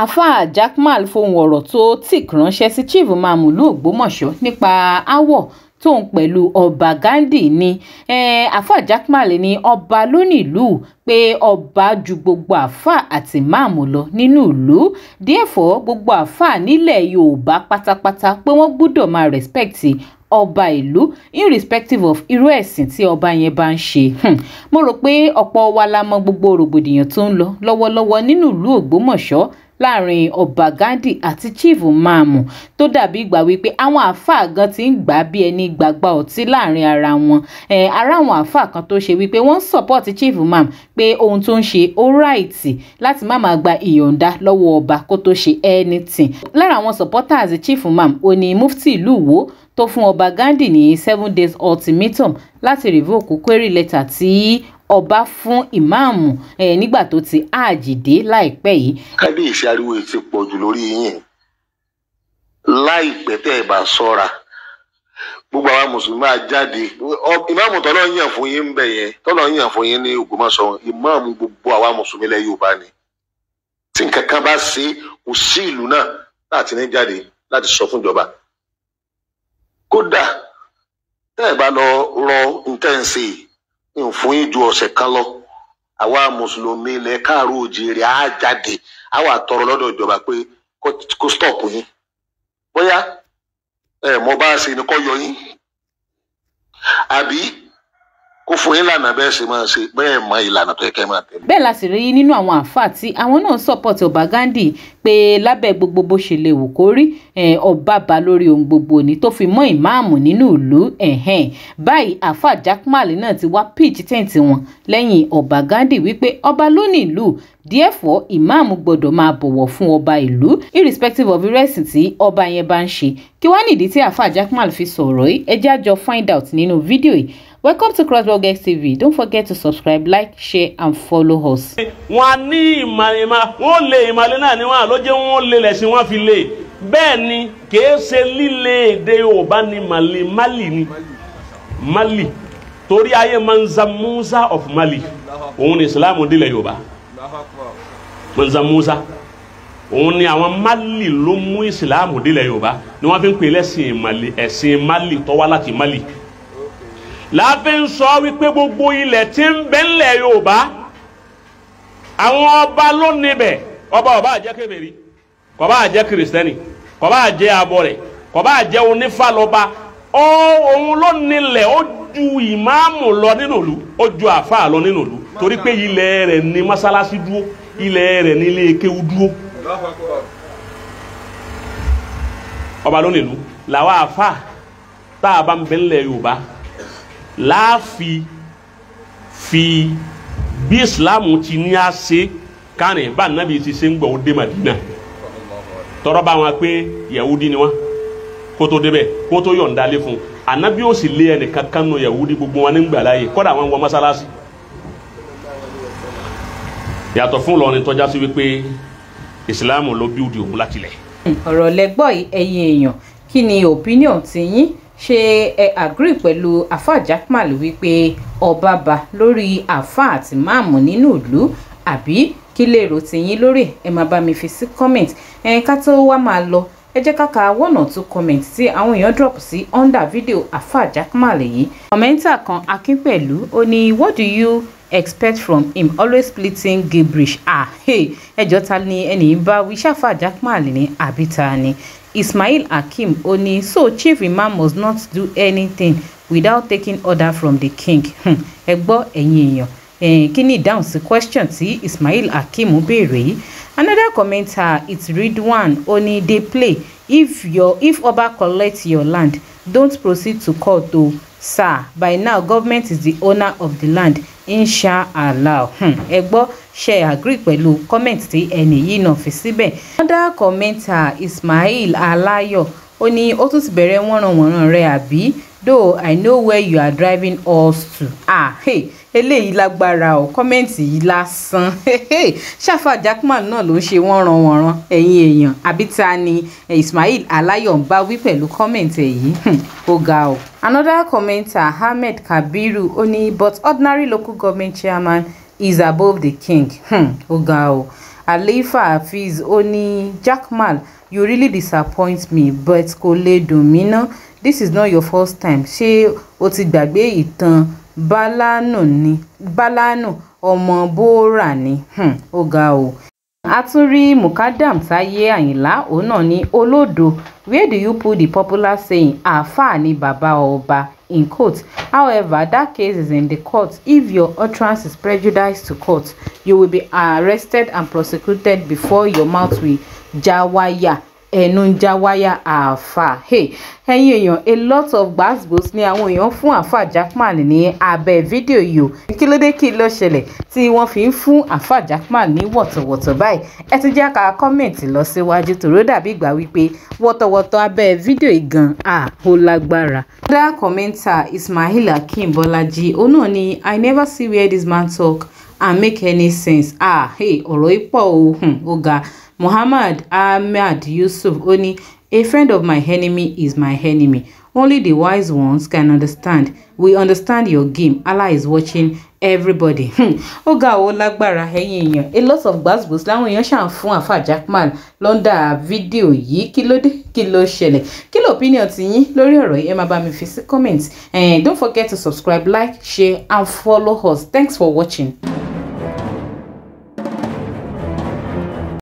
àáfàá Jaqmal fohùn ọ̀rọ̀ tó tìk ránṣẹ́ sí chief mamulu Ògbómọ̀ṣọ́ nípa aáwọ̀ tóun pẹ̀lú ọba Ghandi ni àáfàá eh, Jaqmal ni ọba ló nílùú pé ọba ju gbogbo àáfàá àti máàmù lọ nínú ìlú therefore gbogbo àáfàá nílẹ̀ Yorùbá pátápátá pé wọ́n gbọ́dọ̀ máa rẹ́spẹ̀tì ọba ìlú irrespective of irú ẹ̀sìn tí ọba yẹn bá ń ṣe hmm. mo rò pé ọ̀pọ̀ wa la mọ gbogbo rògbòdìyàn tó ń lọ lọ́wọ́lọ́wọ́ nínú ìlú Ògbómọ̀ṣọ́ láàrin ọba Ghandi àti Chief Máàmù tó dàbí ìgbà wípé àwọn àáfàá gan ti ń gbà bí ẹni gbàgbà ọtí láàrin ara wọn ara àwọn àáfàá kan tó ṣe wípé wọ́n ń support Chief Máàmù pé ohun tó ń ṣe ó ráìtì láti má máa gba ìyọ̀ǹda lọ́wọ́ ọba kó tó ṣe anything lára àwọn supporters Chief Máàmù ó ní mufti ìlú Ìwó tó fún ọba Ghandi ní seven days ultimatum láti revoke query letter tí ọba fún ìmáàmù nígbà tó ti àjìdé láìpẹ́ yìí. kábíyèsí ariwo ti pọ̀ jù lórí yín láìpẹ́ tẹ́ ẹ bá ṣọ́ra gbogbo àwa mùsùlùmí á ìmáàmù tọ́lọ́ yàn fún yín bẹ̀ yẹn tọ́lọ́ yàn fún yín ní Ògbómọ̀ṣọ́ ìmáàmù gbogbo àwa mùsùlùmí lẹ́ Yorùbá ni tí nǹkan kan bá ṣe kò sí ìlú náà láti ní jáde láti sọ fún ìjọba kódà tẹ́ ẹ bá lọ rọ nǹkan ṣe yìí nfun ìjọ ọ̀sẹ̀ kan lọ àwa mùsùlùmí ilẹ̀ káàárọ̀ òjìrì á jáde á wà tọrọ lọ́dọ̀ ìjọba pé kó stop yín bóyá ẹ̀ mọ́ bá ṣe ni yọ yín àbí ó fún yín lànà bẹ́ẹ̀ ṣe máa ṣe bẹ́ẹ̀ mọ ìlànà tó yẹ kẹ́ máa tẹ̀lé. bẹ́ẹ̀ la sì rí nínú àwọn àáfàá tí àwọn náà support ọba Gandhi pé lábẹ́ gbogbo bó ṣe lè wù kó rí ọba bá lórí ohun gbogbo ni tó fi mọ́ ìmáàmù nínú ìlú báyìí àáfàá Jaqmal náà ti wá pitch tẹ́ǹtì wọn lẹ́yìn ọba Gandhi wípé ọba ló ní ìlú therefore ìmáàmù gbọ́dọ̀ máa bọ̀wọ̀ fún ọba ìlú irrespective of irẹ́sìn tí ọba yẹn bá ń ṣe kí wá nìdí tí àáfàá Jaqmal fi sọ̀rọ̀ ẹ jẹ́ àjọ find out nínú fídíò yìí welcome to crossblogX TV don't forget to subscribe like share and follow us. wọn á ní ìmọ̀ ìmọ̀ wọn ò lè ìmọ̀lẹ́ náà ni wọn à ló jẹ́ wọn ò lè lẹ̀sìn wọn fi lè bẹ́ẹ̀ ni kìí ṣe líle èdè Yorùbá ni Mali Mali ni Mali torí ayé manza Musa of Mali òun ni Islam dilẹ̀ Yorùbá manza Musa òun ni àwọn Mali ló mú Islam dilẹ̀ Yorùbá ni wọ́n fi ń pè lẹ́sìn Mali ẹ̀sìn Mali tó wá láti Mali láàfin sọ wípé gbogbo ilẹ̀ tí ń bẹ ńlẹ̀ Yorùbá àwọn ọba ló níbẹ̀ ọba ọba àjẹ́ kébèrè kò bá àjẹ́ kìrìsìtẹ́nì kò bá àjẹ́ abọ́rẹ̀ kò bá àjẹ́ onífàlọ́ba ó òun ló nílẹ̀ ó ju ìmáàmù lọ nínú ìlú ó ju àáfàá lọ nínú ìlú torí pé ilẹ̀ rẹ̀ ní mọ́sálásí dúró ilẹ̀ rẹ̀ ní ilé kéwú dúró ọba ló nílùú làwọn àáfàá tá a bá ń bẹ ńlẹ̀ Yorùbá láàfi fi bí islam ti ní a ṣe kárìn bá nàbí ti ṣe ń gbọ́ ó dé Madina tọrọ bá wọn pé Yahudi ni wọn kótó débẹ̀ kótó yọ̀ǹda lé fún anabi ó sì lé ẹnìkan kan nù Yahudi gbogbo wọn ní gbàlá yìí kọ́dà wọn wọ mọ́sálásí yàtọ̀ fún lọ́rin tọ́já sí wípé ìsìláàmù ló bíúdi òun látilẹ̀. ọ̀rọ̀ lẹ́gbọ́ yìí ẹ̀yin èèyàn kí ni opinion ti yín ṣe ẹ agree pẹ̀lú àfáà Jaqmal wípé ọba bá lórí àfáà àti máàmù nínú ìlú àbí kí lè rò tìyín lórí ẹ máa bá mi fi sí comment ẹ ká tó wá máa lọ ẹ jẹ́ ká one or two comment tí àwọn èèyàn drop sí under video àfáà Jaqmal yìí. kọ̀mẹ́ntà kan akínpẹ̀lú ó ní what do you expect from him always splitting gibberish ah hey ẹjọ́ ta ni ẹnì bá wí ṣáfà Jaqmal ní àbí ta ni ismail hakeem oni so chief imam must not do anything without taking order from the king hmm, ẹ gbọ́ ẹ̀yin èèyàn ẹ̀yìn kí ni ìdáhùn sí question tí ismail hakeem béèrè yìí another commenter it's ridwan oni dey play if your if oba collect your land don't proceed to court o sir by now government is the owner of the land inshallah hmm. ẹ gbọ́ ṣe agree pẹ̀lú comment tí ẹni yìí náà fi síbẹ̀. another commenter ismail alayo ó ní ó tún ti bẹ̀rẹ̀ wọ́nranwọ̀nran rẹ̀ àbí though i know where you are driving us to ah hey, eléyìí lágbára o kọ́mẹ́ǹtì yìí lásán ṣáfà jackman náà ló ń ṣe wọ́nranwọ̀nran ẹ̀yin èèyàn àbí ta ni ismail aláyọ̀ ń bá wí pẹ̀lú kọ́mẹ́ǹtì èyí hmm, ó ga o. another commenter ahmed kabiru ó ní but ordinary local government chairman is above the king hmm, ó ga o. alifa hafiz ó ní jackman you really disappoint me but kò lè dùn mí ná this is not your first time ṣé o ti gbàgbé ìtàn bálánù ni bálánù ọmọ bórà ni um o a tún rí mukadam táyé àyìnlá òun náà ní olódo where do you put the popular saying àáfàá ni bàbá ọba in court however that case is in the court if your utterance is prejudiced to court you will be arrested and prosecuted before your mouth will jawaya ẹnu ń já wáyà àáfà ẹ̀yin èèyàn a lot of gbàgbós ni àwọn èèyàn fún àáfà Jackman ní abẹ́ fídíò yìí o kí ló dé kí ló ṣẹlẹ̀ tí wọ́n fi ń fún àáfà Jackman ní wọ̀tọ̀wọ̀tọ̀ báyìí ẹ ti jẹ́ ká kọ́mẹ̀ntì lọ síwájú tòró dàbí ìgbà wípé wọ̀tọ̀wọ̀tọ̀ abẹ́ fídíò ìgan àhó lágbára. dá kọ́mẹ́ntà Ismail Akeem Bọ́lájí òun náà ni I never see where this man talk and make any sense ah hey ọ̀rọ̀ ipò ohun ọ̀gá muhammad ahmad yusuf ó ní a friend of my enemy is my enemy only the wise ones can understand we understand your game allah is watching everybody hmm. ó ga àwọn lágbára ẹ̀yin èèyàn a lot of gbazgbos láwọn èèyàn ṣàn fún àfà jackman lọ́ndà fídíò yìí kí ló dé kí ló ṣẹlẹ̀ kí ló opinion ti yín lórí ọ̀rọ̀ yìí ẹ máa bá mi fi sí comment eh, don't forget to subscribe like share and follow us thanks for watching.